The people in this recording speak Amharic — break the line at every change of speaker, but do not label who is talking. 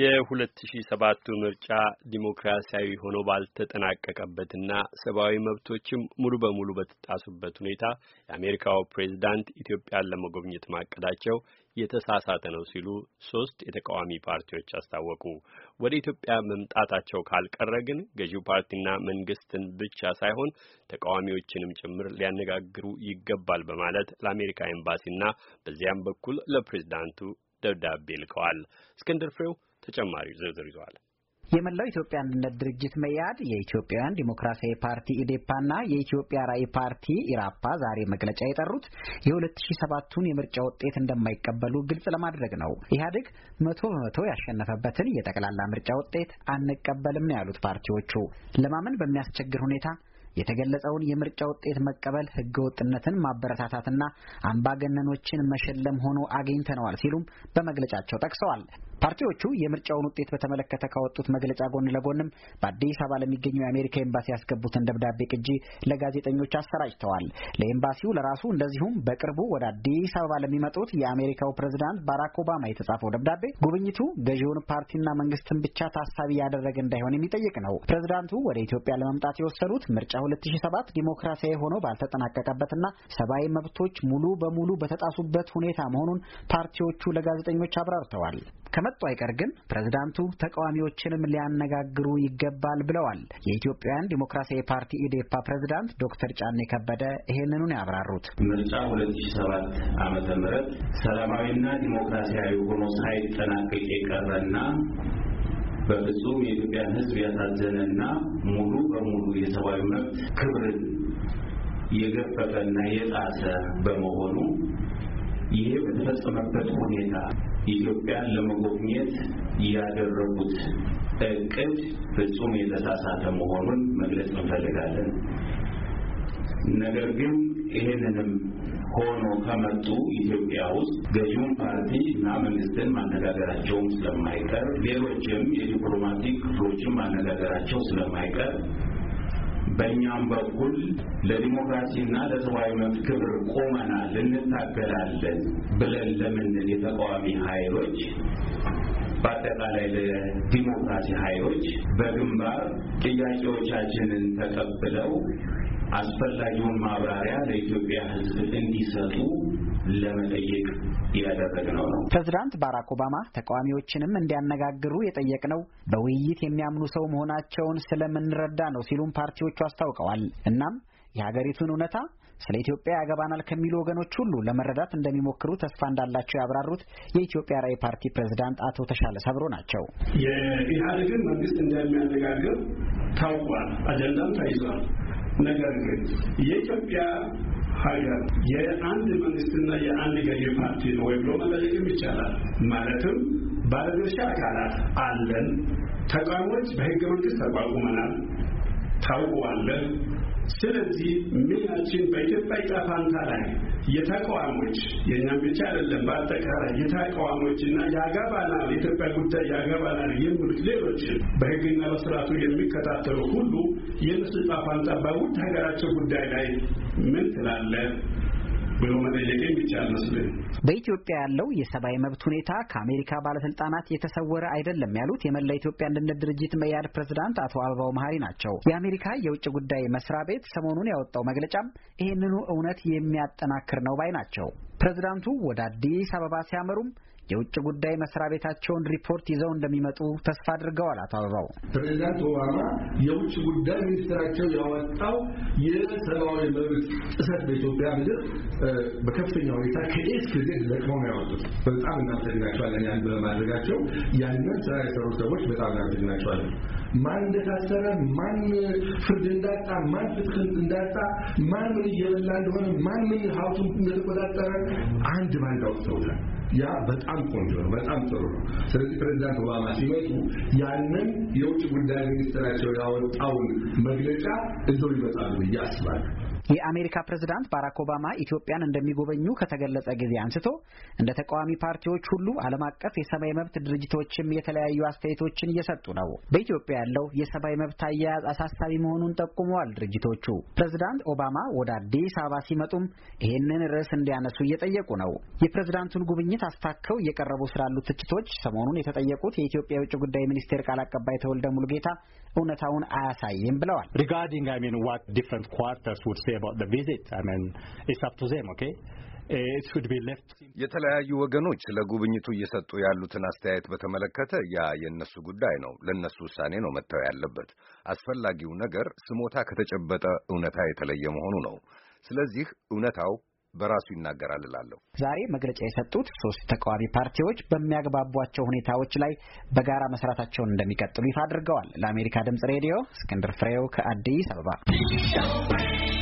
የ 2007 ምርጫ ዲሞክራሲያዊ ሆኖ ባልተጠናቀቀበትና ሰብአዊ መብቶችም ሙሉ በሙሉ በተጣሱበት ሁኔታ የአሜሪካው ፕሬዝዳንት ኢትዮጵያን ለመጎብኘት ማቀዳቸው የተሳሳተ ነው ሲሉ ሶስት የተቃዋሚ ፓርቲዎች አስታወቁ። ወደ ኢትዮጵያ መምጣታቸው ካልቀረ ግን ገዢው ፓርቲና መንግስትን ብቻ ሳይሆን ተቃዋሚዎችንም ጭምር ሊያነጋግሩ ይገባል በማለት ለአሜሪካ ኤምባሲና በዚያም በኩል ለፕሬዝዳንቱ ደብዳቤ ልከዋል። እስክንድር ፍሬው ተጨማሪው ዝርዝር ይዟል።
የመላው ኢትዮጵያ አንድነት ድርጅት መያድ፣ የኢትዮጵያውያን ዲሞክራሲያዊ ፓርቲ ኢዴፓና የኢትዮጵያ ራዕይ ፓርቲ ኢራፓ ዛሬ መግለጫ የጠሩት የ2007ቱን የምርጫ ውጤት እንደማይቀበሉ ግልጽ ለማድረግ ነው። ኢህአዴግ መቶ በመቶ ያሸነፈበትን የጠቅላላ ምርጫ ውጤት አንቀበልም ነው ያሉት ፓርቲዎቹ ለማመን በሚያስቸግር ሁኔታ የተገለጸውን የምርጫ ውጤት መቀበል ህገወጥነትን ማበረታታትና አምባገነኖችን መሸለም ሆኖ አግኝተነዋል ሲሉም በመግለጫቸው ጠቅሰዋል። ፓርቲዎቹ የምርጫውን ውጤት በተመለከተ ካወጡት መግለጫ ጎን ለጎንም በአዲስ አበባ ለሚገኘው የአሜሪካ ኤምባሲ ያስገቡትን ደብዳቤ ቅጂ ለጋዜጠኞች አሰራጭተዋል። ለኤምባሲው ለራሱ እንደዚሁም በቅርቡ ወደ አዲስ አበባ ለሚመጡት የአሜሪካው ፕሬዝዳንት ባራክ ኦባማ የተጻፈው ደብዳቤ ጉብኝቱ ገዢውን ፓርቲና መንግስትን ብቻ ታሳቢ ያደረገ እንዳይሆን የሚጠይቅ ነው። ፕሬዝዳንቱ ወደ ኢትዮጵያ ለመምጣት የወሰኑት ምርጫ 2007 ዲሞክራሲያዊ ሆኖ ባልተጠናቀቀበትና ሰብአዊ መብቶች ሙሉ በሙሉ በተጣሱበት ሁኔታ መሆኑን ፓርቲዎቹ ለጋዜጠኞች አብራርተዋል። ከመጡ አይቀር ግን ፕሬዝዳንቱ ተቃዋሚዎችንም ሊያነጋግሩ ይገባል ብለዋል። የኢትዮጵያውያን ዲሞክራሲያዊ ፓርቲ ኢዴፓ ፕሬዝዳንት ዶክተር ጫኔ ከበደ ይህንኑ ያብራሩት ምርጫ 2007
ዓመተ ምህረት ሰላማዊና ዲሞክራሲያዊ ሆኖ ሳይጠናቀቅ የቀረና በፍጹም የኢትዮጵያን ሕዝብ ያሳዘነና ሙሉ በሙሉ የሰብአዊ መብት ክብርን የገፈፈና የጣሰ በመሆኑ ይህ በተፈጸመበት ሁኔታ ኢትዮጵያን ለመጎብኘት ያደረጉት እቅድ ፍጹም የተሳሳተ መሆኑን መግለጽ እንፈልጋለን። ነገር ግን ይህንንም ሆኖ ከመጡ ኢትዮጵያ ውስጥ ገዢውን ፓርቲ እና መንግስትን ማነጋገራቸውም ስለማይቀር ሌሎችም የዲፕሎማቲክ ክፍሎችን ማነጋገራቸው ስለማይቀር በእኛም በኩል ለዲሞክራሲና ለሰብአዊ መብት ክብር ቆመናል፣ እንታገላለን ብለን ለምንል የተቃዋሚ ኃይሎች በአጠቃላይ ለዲሞክራሲ ኃይሎች በግንባር ጥያቄዎቻችንን ተቀብለው አስፈላጊውን ማብራሪያ ለኢትዮጵያ ሕዝብ እንዲሰጡ ለመጠየቅ ያደረግነው ነው።
ፕሬዝዳንት ባራክ ኦባማ ተቃዋሚዎችንም እንዲያነጋግሩ የጠየቅነው በውይይት የሚያምኑ ሰው መሆናቸውን ስለምንረዳ ነው ሲሉም ፓርቲዎቹ አስታውቀዋል። እናም የሀገሪቱን እውነታ ስለ ኢትዮጵያ ያገባናል ከሚሉ ወገኖች ሁሉ ለመረዳት እንደሚሞክሩ ተስፋ እንዳላቸው ያብራሩት የኢትዮጵያ ራዕይ ፓርቲ ፕሬዝዳንት አቶ ተሻለ ሰብሮ ናቸው።
የኢህአዴግን መንግስት እንደሚያነጋግር ታውቋል፣ አጀንዳም ተይዟል። ነገር ግን የኢትዮጵያ ኃይል አለ። የአንድ መንግስትና የአንድ ገዢ ፓርቲ ነው ወይ ብሎ መጠየቅም ይቻላል። ማለትም ባለድርሻ አካላት አለን፣ ተቃዋሚዎች በህገ መንግስት ተቋቁመናል ታውቋል። ስለዚህ ሚናችን በኢትዮጵያ ዕጣ ፈንታ ላይ የተቃዋሞች የእኛም ብቻ አይደለም፣ በአጠቃላይ የተቃዋሞች እና ያገባናል የኢትዮጵያ ጉዳይ ያገባናል የሚሉት ሌሎችን በህግና በስርዓቱ የሚከታተሉ ሁሉ የእነሱ ዕጣ ፈንታ በውድ ሀገራቸው ጉዳይ ላይ ምን ትላለን? ብሎ መጠየቅ የሚቻል መስሎኝ።
በኢትዮጵያ ያለው የሰብአዊ መብት ሁኔታ ከአሜሪካ ባለስልጣናት የተሰወረ አይደለም ያሉት የመላ ኢትዮጵያ አንድነት ድርጅት መያድ ፕሬዝዳንት አቶ አበባው መሀሪ ናቸው። የአሜሪካ የውጭ ጉዳይ መስሪያ ቤት ሰሞኑን ያወጣው መግለጫም ይህንኑ እውነት የሚያጠናክር ነው ባይ ናቸው። ፕሬዝዳንቱ ወደ አዲስ አበባ ሲያመሩም የውጭ ጉዳይ መስሪያ ቤታቸውን ሪፖርት ይዘው እንደሚመጡ ተስፋ አድርገዋል። አቶ አበባው
ፕሬዚዳንት ኦባማ የውጭ ጉዳይ ሚኒስትራቸው ያወጣው የሰብአዊ መብት ጥሰት በኢትዮጵያ ምድር በከፍተኛ ሁኔታ ከኤስ ጊዜ ለቅመው ነው ያወጡት። በጣም እናመሰግናቸዋለን ያን በማድረጋቸው ያንን ስራ የሰሩ ሰዎች በጣም እናመሰግናቸዋለን። ማን እንደታሰረ፣ ማን ፍርድ እንዳጣ፣ ማን ፍትህ እንዳጣ፣ ማን ምን እየበላ እንደሆነ፣ ማን ምን ሀብቱን እንደተቆጣጠረ አንድ ባንድ አውጥተውታል። ያ በጣም ቆንጆ ነው፣ በጣም ጥሩ ነው። ስለዚህ ፕሬዚዳንት ኦባማ ሲመጡ ያንን የውጭ ጉዳይ ሚኒስትራቸው ያወጣውን መግለጫ እዘው ይመጣሉ ብዬ አስባለሁ።
የአሜሪካ ፕሬዝዳንት ባራክ ኦባማ ኢትዮጵያን እንደሚጎበኙ ከተገለጸ ጊዜ አንስቶ እንደ ተቃዋሚ ፓርቲዎች ሁሉ ዓለም አቀፍ የሰብአዊ መብት ድርጅቶችም የተለያዩ አስተያየቶችን እየሰጡ ነው። በኢትዮጵያ ያለው የሰብአዊ መብት አያያዝ አሳሳቢ መሆኑን ጠቁመዋል ድርጅቶቹ። ፕሬዝዳንት ኦባማ ወደ አዲስ አበባ ሲመጡም ይህንን ርዕስ እንዲያነሱ እየጠየቁ ነው። የፕሬዝዳንቱን ጉብኝት አስታከው እየቀረቡ ስላሉ ትችቶች ሰሞኑን የተጠየቁት የኢትዮጵያ የውጭ ጉዳይ ሚኒስቴር ቃል አቀባይ ተወልደ ሙሉጌታ እውነታውን አያሳይም ብለዋል።
eh,
የተለያዩ ወገኖች ለጉብኝቱ እየሰጡ ያሉትን አስተያየት በተመለከተ ያ የእነሱ ጉዳይ ነው፣ ለእነሱ ውሳኔ ነው መጥተው ያለበት። አስፈላጊው ነገር ስሞታ ከተጨበጠ እውነታ የተለየ መሆኑ ነው። ስለዚህ እውነታው በራሱ ይናገራል
እላለሁ። ዛሬ መግለጫ የሰጡት ሶስት ተቃዋሚ ፓርቲዎች በሚያግባቧቸው ሁኔታዎች ላይ በጋራ መስራታቸውን እንደሚቀጥሉ ይፋ አድርገዋል። ለአሜሪካ ድምጽ ሬዲዮ እስክንድር ፍሬው ከአዲስ
አበባ